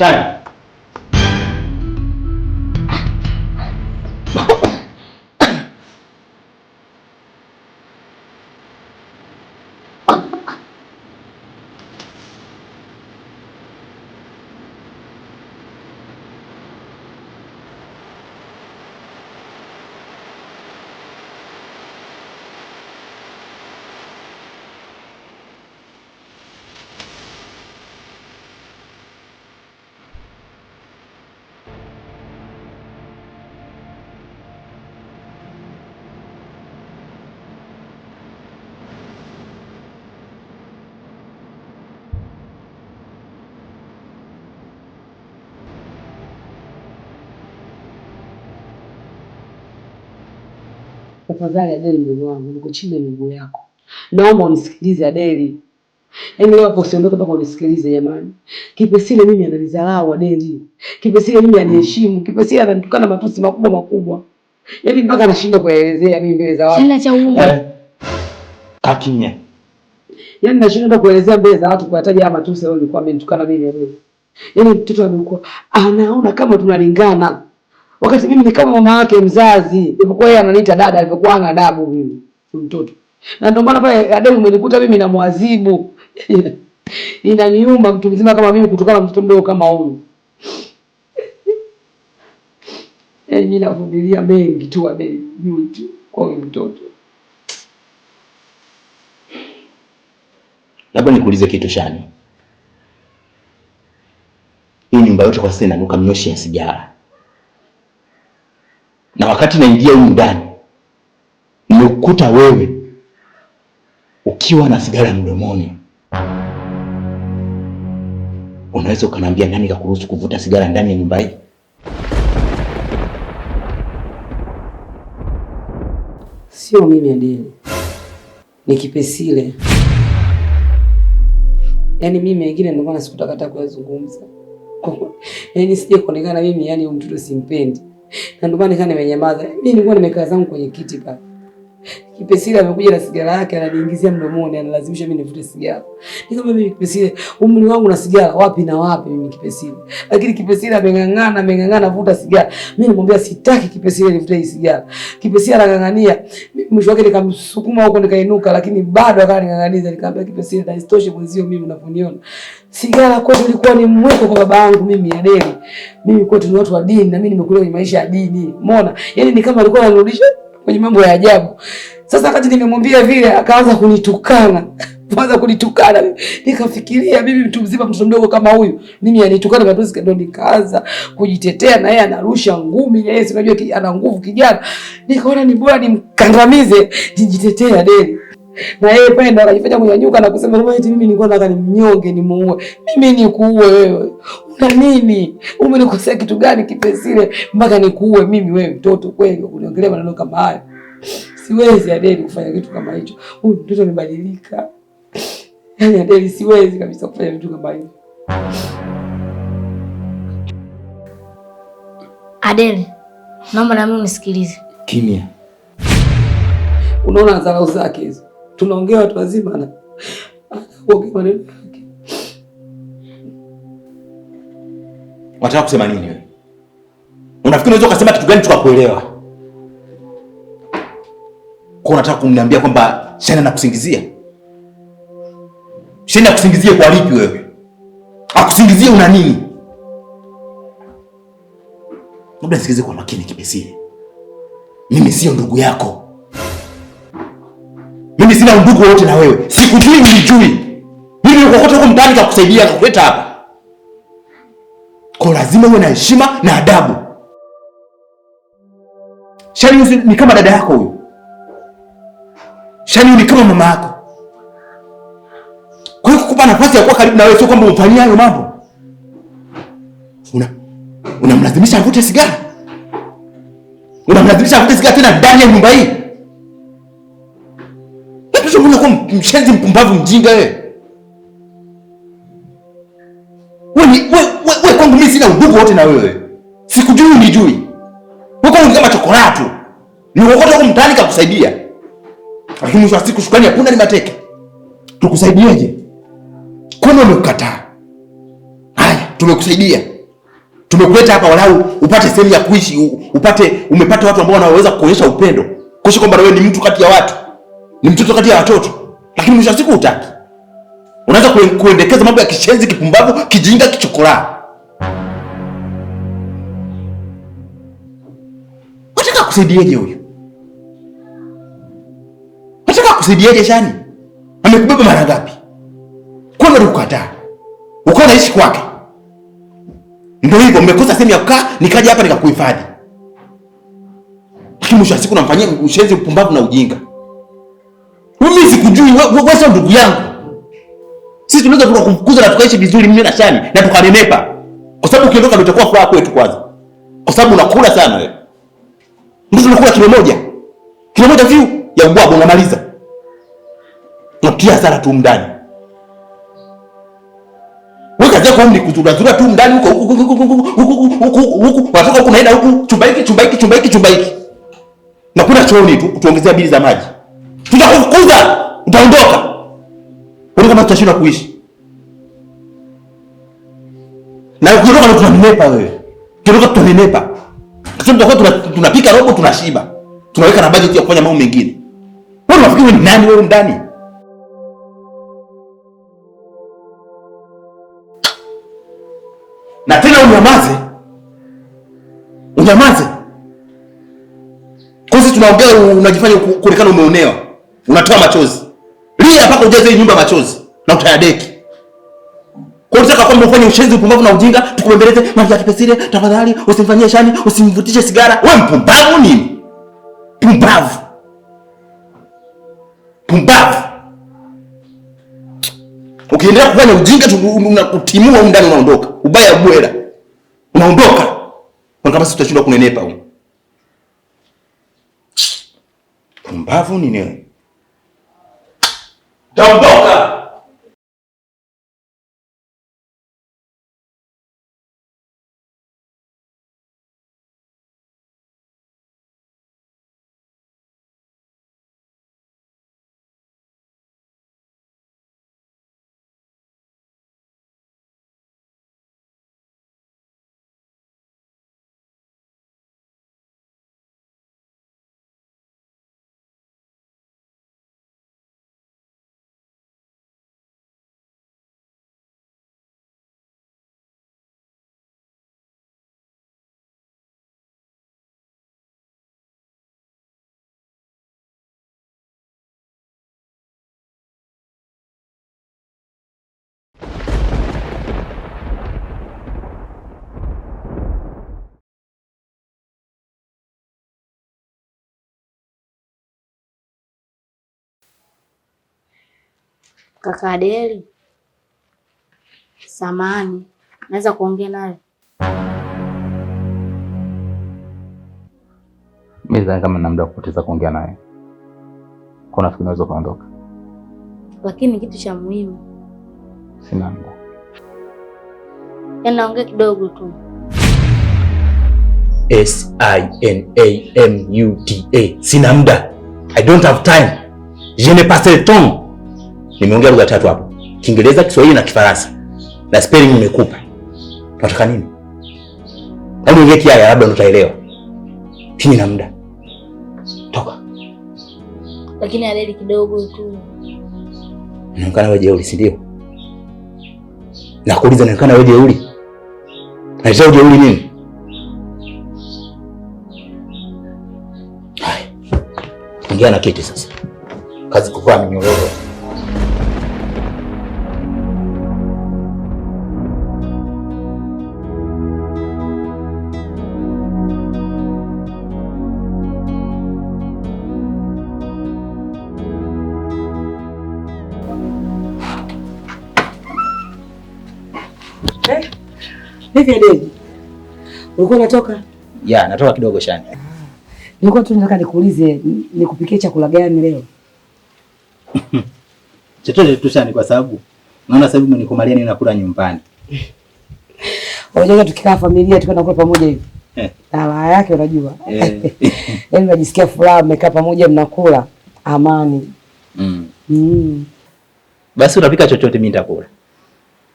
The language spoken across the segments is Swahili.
சரி tafadhali Adeli, mdogo wangu, niko chini ya miguu yako, naomba unisikilize Adeli. Yaani leo hapo usiondoke mpaka unisikilize jamani. Kipesile mimi ananizalau Adeli. Kipesile mimi aniheshimu. Kipesile ananitukana matusi makubwa makubwa. Yaani mpaka nashindwa kuelezea mimi mbele za watu. Sina cha uongo. Eh. Kakinya. Yaani nashindwa kuelezea mbele za watu kwa hataji ama matusi leo nilikuwa amenitukana mimi Adeli. Yaani mtoto amekuwa anaona kama tunalingana. Wakati mimi ni kama mama yake mzazi, ilipokuwa yeye ananiita dada, alipokuwa ana adabu mimi mtoto, na ndio maana pale adabu umenikuta mimi namwadhibu inaniumba mtu mzima kama mimi kutokana na mtoto mdogo kama huyu. Eh, mimi navumilia mengi tu wa mengi kwa huyu mtoto. Labda nikuulize kitu Shani, hii nyumba yote kwa sasa inanuka mnyoshi ya sigara na wakati naingia huko ndani nimekuta wewe ukiwa na sigara mdomoni. Unaweza ukaniambia nani kakuruhusu kuvuta sigara ndani ya nyumba hii? Sio mimi Adeni, ni Kipesile. Yaani mimi mengine ndio maana sikutaka hata kuyazungumza, yaani sije kuonekana mimi, yaani mtoto simpendi na ndio maana nimenyamaza. Mimi nilikuwa nimekaa zangu kwenye kiti pale. Kipesile amekuja na sigara yake ananiingizia mdomoni, analazimisha mimi nivute sigara. Nikamwambia mimi Kipesile, umri wangu na sigara wapi na wapi mimi Kipesile. Lakini Kipesile ameng'ang'ana, ameng'ang'ana vuta sigara. Mimi nimwambia sitaki Kipesile nivute hii sigara. Kipesile anang'ang'ania. Mwisho wake nikamsukuma huko nikainuka, lakini bado akawa ning'ang'aniza. Nikamwambia Kipesile, na isitoshe mwenzio mimi unaponiona. Sigara kwetu ilikuwa ni mweko kwa baba yangu mimi ya deli. Mimi kwetu ni watu wa dini na mimi nimekulia kwenye maisha ya dini. Umeona? Yaani ni kama alikuwa anarudisha kwenye mambo ya ajabu. Sasa wakati nimemwambia vile, akaanza kunitukana kwanza kunitukana, nikafikiria mimi mtu mzima, mtoto mdogo kama huyu, mimi anitukana matusi, ndo nikaanza kujitetea, na yeye anarusha ngumi, na yeye si unajua ana nguvu kijana. Nikaona ni bora nimkandamize, nijitetea deni na yeye pale ndo akajifanya kunyanyuka na kusema kama eti mimi nilikuwa nataka nimnyonge nimuue. Mimi nikuue wewe? Una nini? Umenikosea kitu gani kipesile mpaka nikuue mimi wewe mtoto kweli uniongelea maneno kama haya? Siwezi Adeli kufanya kitu kama hicho. Huyu mtoto amebadilika. Yaani Adeli siwezi kabisa kufanya kitu kama hicho. Adeli, naomba na mimi unisikilize. Kimya. Unaona dharau zake hizo tunaongea watu wazima maneno yake. Wataka kusema nini wewe? Unafikiri unaweza ukasema kitu gani tukakuelewa? Kwa unataka kumniambia kwamba Shani anakusingizia? Shani akusingizie kwa lipi wewe? Akusingizie una nini? Labda nisikize kwa makini Kipesile, mimi sio ndugu yako mimi sina undugu wote na wewe, sikujui, nilijui mimi ukokota huko mtaani kakusaidia kakuleta hapa kwa lazima uwe na heshima na adabu. Shani ni kama dada yako huyo, Shani ni kama mama yako. Kwa hiyo kukupa nafasi ya kuwa karibu na wewe sio kwamba umfanyia hayo mambo, Una unamlazimisha avute sigara, unamlazimisha avute sigara tena ndani ya nyumba hii ulikuwa mshenzi mpumbavu mjinga wewe. Wewe kwangu mimi sina udugu wote na wewe. Sikujui unijui. Wewe kwangu kama chokora tu. Niokota huko mtaani kakusaidia. Lakini mwisho wa siku shukrani hakuna ni mateke. Tukusaidieje? Kwani umekukataa? Haya, tumekusaidia. Tumekuleta hapa walau upate sehemu ya kuishi, upate umepata watu ambao wanaweza kuonyesha upendo. Kuishi kwamba wewe ni mtu kati ya watu ni mtoto kati ya watoto, lakini mwisho wa siku hutaki, unaanza kuendekeza mambo ya kishenzi, kipumbavu, kijinga, kichokora. Unataka kusaidieje huyu? Unataka kusaidieje? Shani amekubeba mara ngapi? Kwanza nikukataa, ukawa naishi kwake, ndio hivyo, mmekosa sehemu ya kukaa, nikaja hapa nikakuhifadhi, lakini mwisho wa siku namfanyia ushenzi, upumbavu na ujinga. Mimi sikujui wewe, sio ndugu yangu. Sisi tunaweza tukakufukuza na tukaishi vizuri mimi na Shani na tukanenepa, kwa sababu ukiondoka ndio itakuwa furaha kwetu kwanza, kwa sababu unakula sana wewe. Ndio tunakula kilo moja, kilo moja view ya bwana maliza, tunatia sana tu ndani. Wewe kazi yako tu ndani huko huko huko huko huko, watoka huko naenda huko chumba hiki chumba hiki chumba hiki chumba hiki, na kuna chooni tu kutuongezea bili za maji tutakufukuza, utaondoka. Unaona kama tutashindwa kuishi na ukiondoka, tutanenepa wewe, ukiondoka tutanenepa, kwa sababu tutakuwa tunapika robo, tunashiba, tunaweka na bajeti ya kufanya mambo mengine. Wewe unafikiri wewe ni nani? Wewe ndani na tena unyamaze, unyamaze. Kwa sisi tunaongea, unajifanya kuonekana umeonewa unatoa machozi, lia mpaka ujaze hii nyumba machozi na utayadeki. Kwa nini kwamba ufanye ushenzi, upumbavu na ujinga, tukubembeleze mali ya kipesile, tafadhali usimfanyie shani, usimvutishe sigara. We mpumbavu nini? Pumbavu. Pumbavu. Ukiendelea kufanya ujinga unakutimua huko ndani unaondoka. Ubaya ubwela. Unaondoka. Kwa kama sisi tutashindwa kunenepa huko. Pumbavu nini wewe? Taondoka. Kaka Adeli, samani, naweza kuongea naye? Mimi sidhani kama nina muda wa kupoteza kuongea naye. Kwa nafikiri naweza kuondoka, lakini kitu cha muhimu sina muda. Yaani naongea kidogo tu. S I N A M U A, sina muda. I don't have time. Je ne passe le temps. Nimeongea lugha tatu hapo, Kiingereza, Kiswahili na Kifaransa, na spelling nimekupa. Nataka nini? Hebu ingia kiaya, labda utaelewa. Mimi na muda, toka. Lakini aleli kidogo tu. Unaonekana wewe jeuri, si ndio? Nakuuliza, unaonekana wewe jeuri? Naita ujeuri nini? Ingia na kiti sasa, kazi kuvaa minyororo. Hivi Adeli, ulikuwa unatoka? Ya, natoka kidogo Shani. Ah, nilikuwa tu nataka nikuulize nikupikie chakula gani leo? Chochote tu Shani, kwa sababu naona sasa hivi mnikumalia nini nakula nyumbani. Unajua tukikaa familia tukaenda kula pamoja hivi. Eh. Raha yake unajua. Eh. Yaani najisikia furaha mmekaa pamoja mnakula amani. Mm. Mm. Basi unapika chochote mimi nitakula.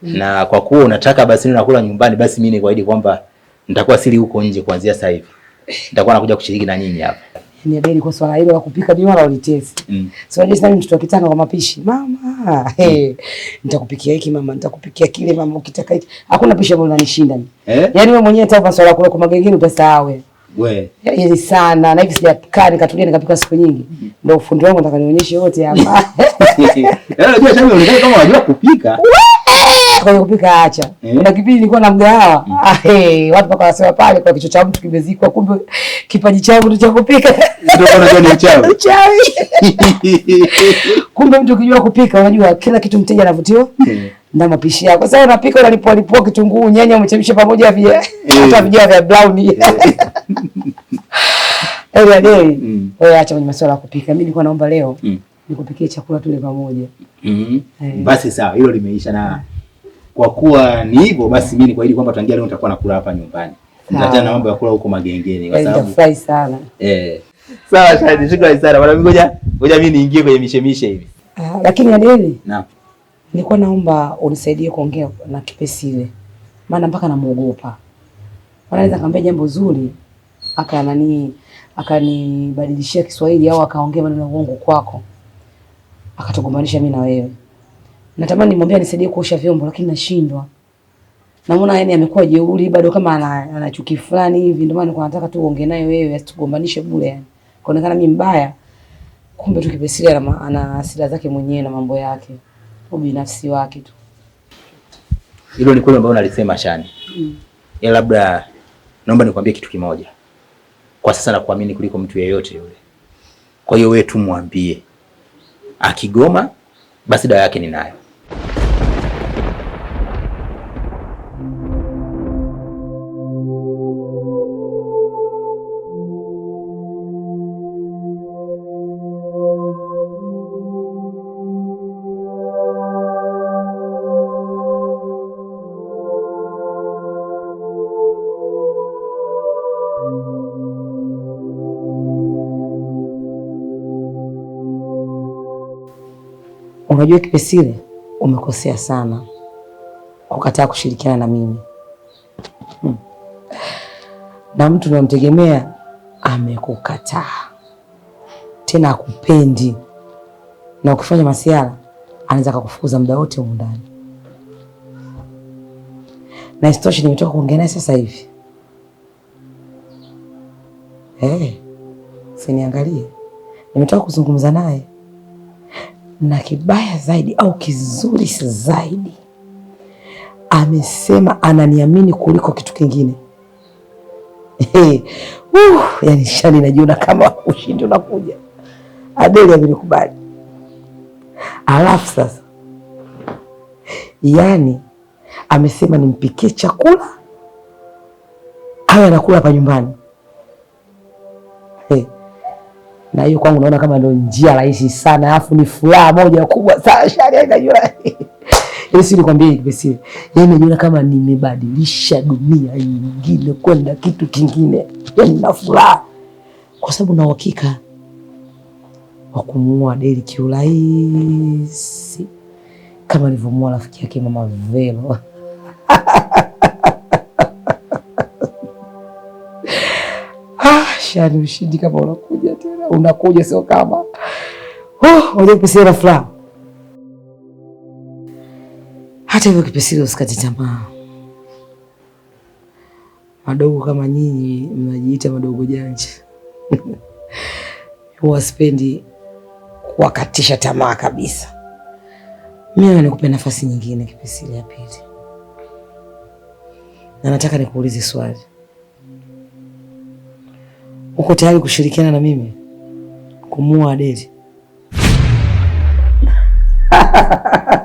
Mm. na kwa kuwa unataka basi ni nakula nyumbani, basi mimi nikuahidi kwamba nitakuwa sili huko nje kuanzia sasa hivi nitakuwa nakuja kushiriki na nyinyi hapa. Ni deni kwa swala hilo la kupika ni wala unitezi Mm. So jinsi nani mtoto akitaka kwa mapishi. Mama, eh, nitakupikia hiki mama, nitakupikia kile mama ukitaka hiki. Hakuna pishi ambalo linanishinda mimi. Eh? Yani wewe mwenyewe hata swala la kula kwa magengeni utasahau wewe. We. Yaani sana na hivi sijakaa nikatulia nikapika siku nyingi. Mm. Ndio ufundi wangu nataka nionyeshe wote hapa. Yeye anajua shamba unajua kama unajua kupika kwa hiyo kupika acha eh. Kuna kipindi nilikuwa na mgahawa mm. Ah, hey, watu mpaka wasema pale kwa kichwa cha mtu kimezikwa, kumbe kipaji changu ndio cha kupika. Ndio unajua ni uchawi uchawi. Kumbe mtu ukijua kupika, unajua kila kitu mteja anavutiwa eh. na mapishi yako. Sasa unapika unalipoa lipoa kitunguu, nyanya umechemsha pamoja vile eh. hata eh. vijana vya brown eh. Elia dei mm. Wewe acha kwenye masuala ya kupika, mimi nilikuwa naomba leo mm. nikupikie chakula tule pamoja. mm -hmm. Basi sawa, hilo limeisha na kwa kuwa ni hivyo basi, mimi ni kwa kuahidi kwamba tangia leo nitakuwa nakula hapa nyumbani, nitaachana na mambo ya kula huko magengeni, kwa eh, sababu nitafurahi sana eh. Sawa Shahidi, shukrani sana bwana. Ngoja ngoja mimi niingie kwenye mishemishe hivi. Ah, lakini Adeli, naam, nilikuwa naomba unisaidie kuongea na Kipesi ile, maana mpaka namuogopa, anaweza kaambia jambo zuri aka nani akanibadilishia Kiswahili au akaongea maneno ya uongo kwako akatugombanisha mimi na wewe. Natamani nimwambie anisaidie kuosha vyombo lakini nashindwa. Naona yani amekuwa jeuri bado kama ana, ana chuki fulani hivi ndio maana nilikuwa nataka tu uongee naye wewe asitugombanishe bure yani. Kaonekana mimi mbaya. Kumbe tu Kipesile ana, ana hasira zake mwenyewe na mambo yake. Binafsi wake tu. Hilo ni kweli ambalo unalisema Shani. Mm. Ya labda naomba nikwambie kitu kimoja. Kwa sasa nakuamini kuliko mtu yeyote yule. Kwa hiyo wewe tu mwambie. Akigoma basi dawa yake ninayo. Unajua Kipesile, umekosea sana kukataa kushirikiana na mimi hmm. Na mtu unamtegemea amekukataa tena, akupendi na ukifanya masiara anaweza kakufukuza muda wote huko ndani. Na isitoshe nimetoka kuongea naye sasa hivi. Hey, eh, siniangalie, nimetoka kuzungumza naye na kibaya zaidi au kizuri zaidi, amesema ananiamini kuliko kitu kingine. Hey, uh, yani shani najiona kama ushindi unakuja. Adeli amenikubali, alafu sasa yani amesema nimpikie chakula awe anakula hapa nyumbani. na hiyo kwangu naona kama ndio njia rahisi sana, alafu ni furaha moja kubwa sana. Shari inajua Yesu, nikwambie sisi yeye anajiona kama nimebadilisha dunia nyingine kwenda kitu kingine, yani na furaha kwa sababu na uhakika wa kumuua Deli kiurahisi kama alivyomuua rafiki yake Mama Velo. Ah, Shari, ushindi kama unakuja wako unakuja, sio kama oh, wajua na furaha. Hata hivyo Kipisili, usikate tamaa. Madogo kama nyinyi mnajiita madogo janja huwa sipendi kuwakatisha tamaa kabisa. Mimi nikupe nafasi nyingine Kipisili, ya pili, na nataka nikuulize swali. Uko tayari kushirikiana na mimi kumuua Adeli.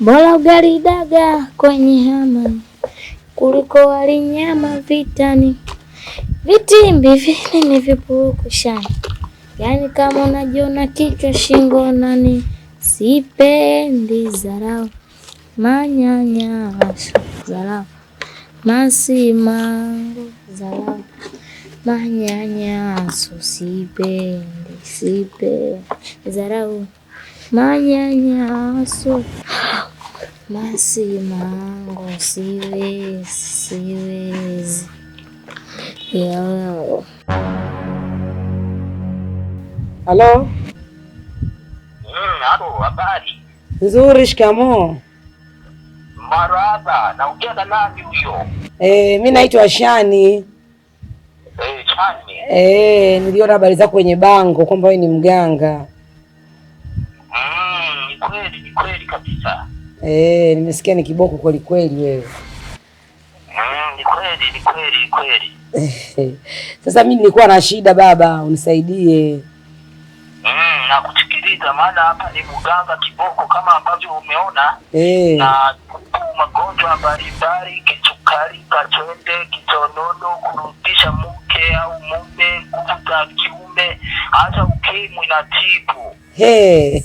Bora ugali daga kwenye hama kuliko wali nyama vitani. Vitimbi vile ni vipuruku shani, yaani kama unajiona kichwa shingo nani. Sipendi zarau manyanya zarau masimango zarau manyanyaso sipendi sipendi zarau manyanyaso basi mango siwe siwezi yao. Halo. Mm, habari nzuri. Shikamoo. Marhaba. Naongea na nani huyo? Eh, mimi naitwa Shani. Eh, Shani. Eh, niliona habari zako kwenye bango kwamba wewe ni mganga. Mm, kweli ni kweli kabisa Eh, nimesikia ni kiboko kweli kweli wewe. Ah, ni kweli, ni kweli, kweli. Sasa mimi nilikuwa na shida baba, unisaidie. Mm, nakusikiliza maana hapa ni mganga kiboko kama ambavyo umeona. Eh. Na magonjwa mbalimbali, kisukari, kachonde, kichonono, kurudisha mke au mume, nguvu za kiume, hata ukimwi na tibu. Hey.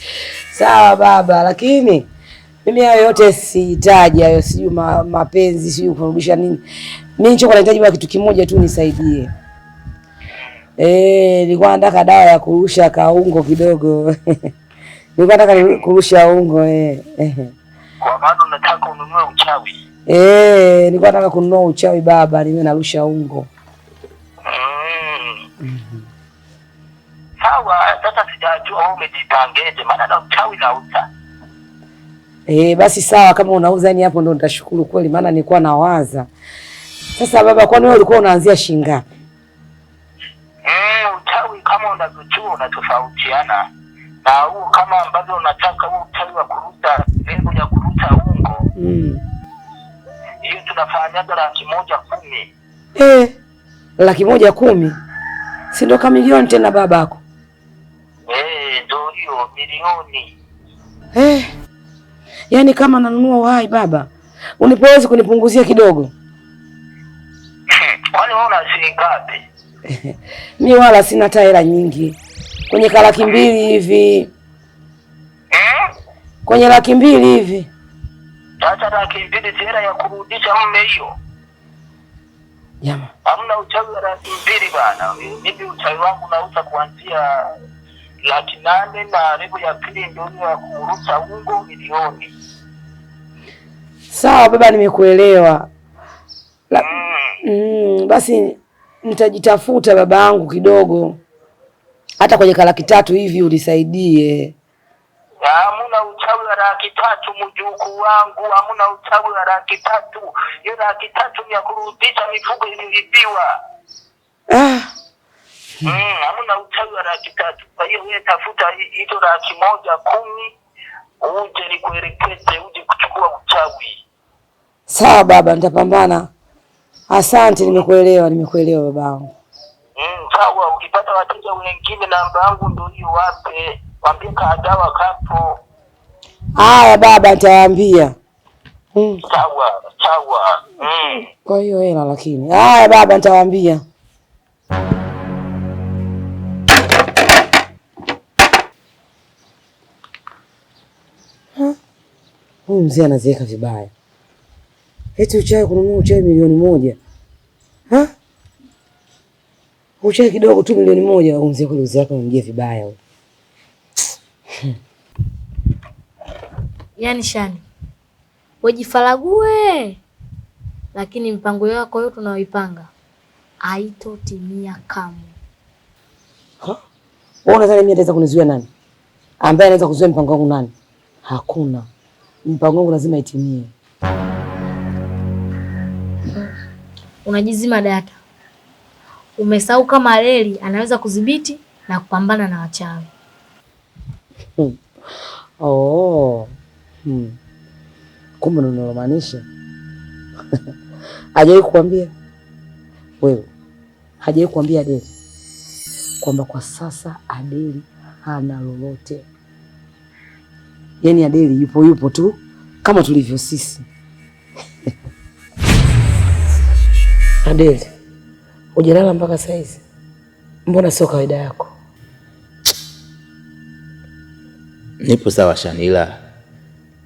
Sawa baba, lakini mimi hayo yote sihitaji, hayo sijui ma, mapenzi sijui kurudisha nini. Mimi nicho nahitaji kwa kitu kimoja tu, nisaidie. Eh, nilikuwa nataka dawa ya kurusha kaungo kidogo. nilikuwa nataka kurusha ungo eh. eh. Kwa maana nataka ununue uchawi. Eh, nilikuwa nataka kununua uchawi baba, nime narusha ungo. Mm. Sawa, sasa sijajua wewe umejipangeje maana na uchawi nauta. Eh, basi sawa kama unauza yani hapo ndo nitashukuru kweli maana nilikuwa nawaza. Sasa baba kwani wewe ulikuwa unaanzia shilingi ngapi? Eh, utawi kama unazochua unatofautiana. Na huu, kama ambavyo unataka huu utawi wa kuruta, lengo eh, ya kuruta ungo. Mm. Hiyo tunafanyaga laki moja kumi. Eh. Laki moja kumi. Si ndo milioni tena babako? Eh, ndo hiyo milioni. Eh. Yaani kama nanunua uhai baba, unipowezi kunipunguzia kidogo? Kwani una shilingi ngapi? Mi wala sina taela nyingi, kwenye ka laki mbili hivi eh? kwenye laki mbili hivi. Acha laki mbili, taela ya kurudisha mume hiyo Yama. Hamna uchawi wa laki mbili bana. Mimi uchawi wangu nauza kuanzia laki nane na rebu ya pili ndio ya kurusha ungo milioni. Sawa baba, nimekuelewa. La... Ah. Mm, basi nitajitafuta baba yangu kidogo, hata kwenye laki tatu hivi unisaidie. Ah, hamuna uchawi wa laki tatu mjukuu wangu, hamuna uchawi wa laki tatu. Hiyo laki tatu ni ya kurudisha mifugo ililipiwa. Ah. Mm, hamuna uchawi wa laki tatu. Kwa hiyo wewe tafuta hizo laki moja kumi uje nikuelekeze, uje kuchukua uchawi. Sawa baba, nitapambana. Asante, nimekuelewa, nimekuelewa babangu. Mm, sawa, ukipata wateja wengine namba yangu ndio hiyo, wape waambie kaadawa kapo. Haya baba, nitawaambia. Mm. Sawa, sawa. Mm. Kwa hiyo hela lakini. Haya baba, nitawaambia. Huyu mzee anazeeka vibaya. Eti uchai kununua uchai milioni moja. Ha? Uchai kidogo tu milioni moja umzie kule uzi yako mjie vibaya huyo. Yaani Shani. wejifarague Lakini mpango yako yote tunaoipanga haitotimia kamwe. Ha? Wewe unadhani mimi nitaweza kunizuia nani? Ambaye anaweza kuzuia mpango wangu nani? Hakuna. Mpango wangu lazima itimie unajizima data. Umesahau kama Reli anaweza kudhibiti na kupambana na wachawi. Hmm. Oh. Hmm. Kumbe unalomaanisha hajawahi kukwambia wewe, hajawahi kukwambia Adeli kwamba kwa sasa Adeli hana lolote? Yaani Adeli yupo yupo tu kama tulivyo sisi. Adeli, hujalala mpaka saizi? Mbona sio kawaida yako? Nipo sawa Shanila, ila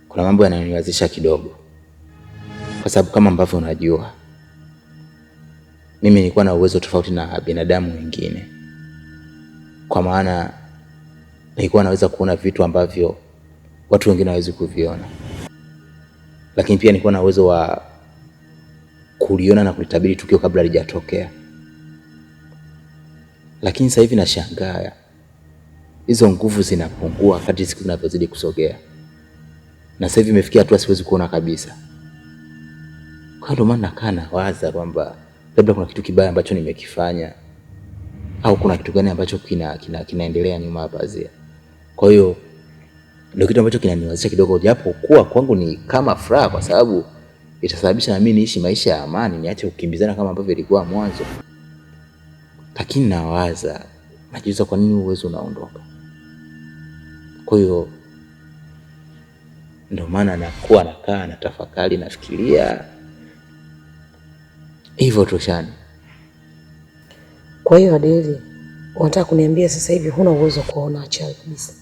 kuna mambo yananiwazisha kidogo, kwa sababu kama ambavyo unajua mimi nilikuwa na uwezo tofauti na binadamu wengine, kwa maana nilikuwa naweza kuona vitu ambavyo watu wengine hawawezi kuviona, lakini pia nilikuwa na uwezo wa kuliona na kulitabiri tukio kabla lijatokea. Lakini sasa hivi nashangaa hizo nguvu zinapungua wakati siku zinavyozidi kusogea, na sasa hivi imefikia hatua siwezi kuona kabisa. Kwa ndo maana nakaa na waza kwamba labda kuna kitu kibaya ambacho nimekifanya au kuna kitu gani ambacho kina, kina, kinaendelea nyuma ya pazia. Kwa hiyo ndio kitu ambacho kinaniwazisha kidogo, japo kuwa kwangu ni kama furaha kwa sababu itasababisha nami niishi maisha ya amani, niache kukimbizana kama ambavyo ilikuwa mwanzo. Lakini nawaza, najiuliza kwa nini uwezo unaondoka. Kwa hiyo ndio maana nakuwa nakaa na tafakari, nafikiria hivyo tu Shani. Kwa hiyo Adeli, unataka kuniambia sasa hivi huna uwezo wa kuona achali kabisa?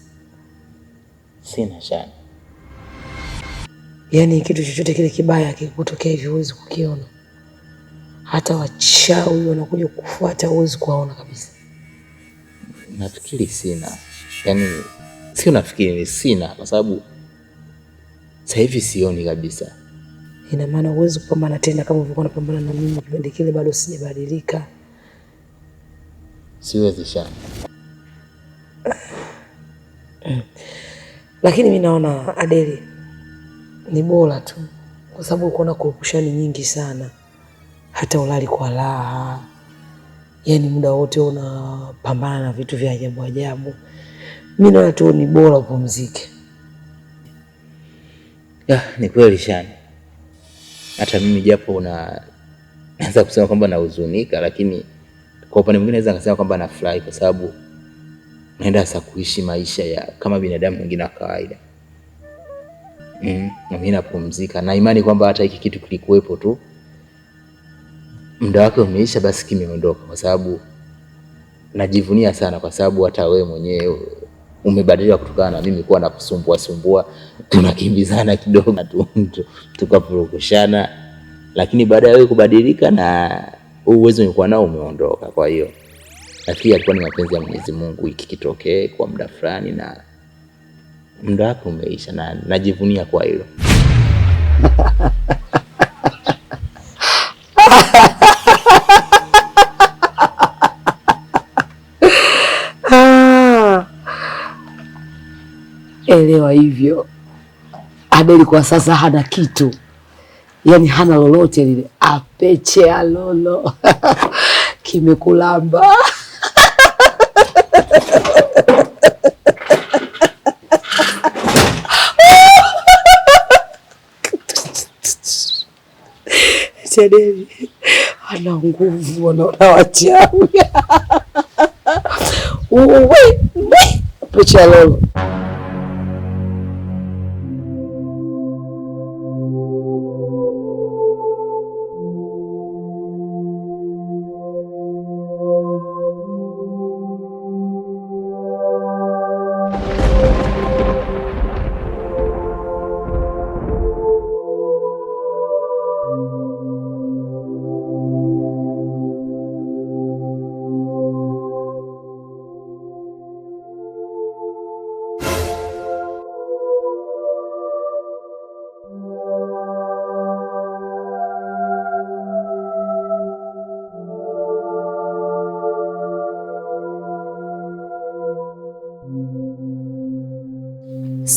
Sina Shani. Yaani kitu chochote kile kibaya kikutokea hivyo huwezi kukiona, hata wachawi wanakuja kufuata huwezi kuwaona kabisa. Nafikiri sina, yaani sio, nafikiri ni sina, kwa sababu sasa hivi sioni kabisa. Ina maana huwezi kupambana tena kama ulivyokuwa unapambana na mimi kipindi kile, bado sijabadilika. Siwezi shana lakini mi naona Adeli ni bora tu, kwa sababu uko na kurukushani nyingi sana, hata ulali kwa raha, yaani muda wote unapambana na vitu vya ajabu ajabu. Mi naona tu ni bora upumzike. Ya, ni kweli Shani, hata mimi japo una naweza kusema kwamba nahuzunika, lakini kwa upande mwingine naweza kusema kwamba nafurahi kwa sababu naenda sasa kuishi maisha ya kama binadamu mwingine wa kawaida mm, na mimi napumzika na imani kwamba hata hiki kitu kilikuwepo tu, muda wake umeisha, basi kimeondoka, kwa sababu najivunia sana, kwa sababu hata wewe mwenyewe umebadilika kutokana na mimi kuwa nakusumbua sumbua, tunakimbizana kidogo tukapurukushana, lakini baada ya wewe kubadilika na uwezo ulikuwa nao umeondoka. Kwa hiyo lakini alikuwa ni mapenzi ya Mwenyezi Mungu ikikitokee kwa muda fulani na muda wake umeisha, na najivunia kwa hilo. Elewa hivyo, Adeli kwa sasa hana kitu, yaani hana lolote lile, apeche alolo kimekulamba Mzee Devi ana nguvu, anaona wachawi. Uwe, uwe, picha lolo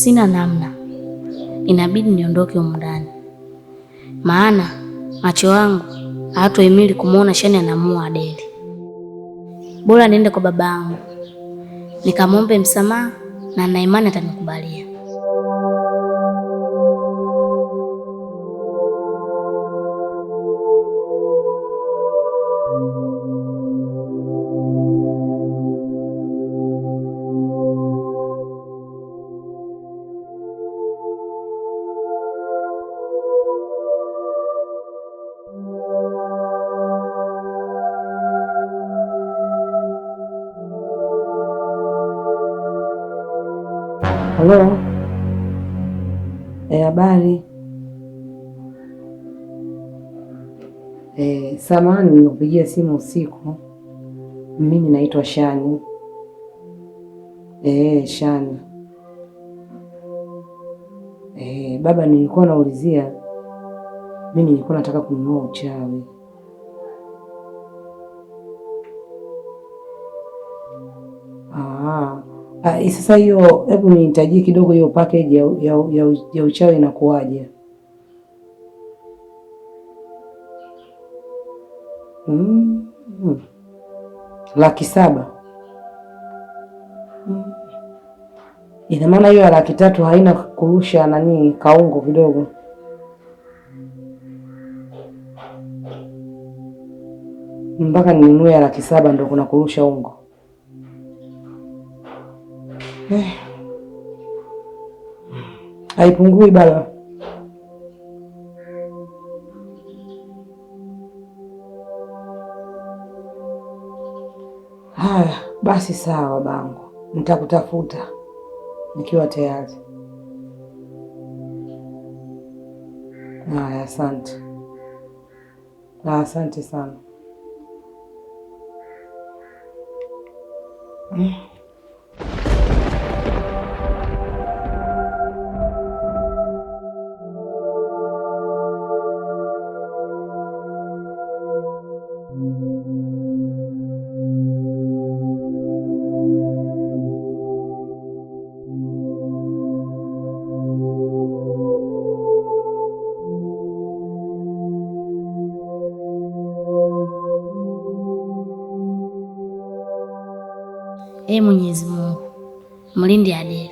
sina namna, inabidi niondoke humu ndani, maana macho yangu hatohimili kumwona Shani anamua Adeli. Bora niende kwa babangu nikamwombe msamaha, na naimani atanikubalia. Halo, eh, habari? E, samahani nimekupigia simu usiku. Mimi naitwa Shani. E, Shani. E, baba, nilikuwa naulizia, mimi nilikuwa nataka kununua uchawi Ah, sasa hiyo, hebu nihitaji kidogo hiyo package ya, ya, ya, ya uchawi inakuwaje? mm Mm. laki saba. mm Ina maana hiyo ya laki tatu haina kurusha nani kaungo kidogo. Mpaka ninunue ya laki saba ndo kuna kurusha ungo. Eh. haipungui bala. Haya basi, sawa bangu, nitakutafuta nikiwa tayari. Haya, asante. Na asante sana. Mm. Ee Mwenyezi Mungu, mlinde Adele.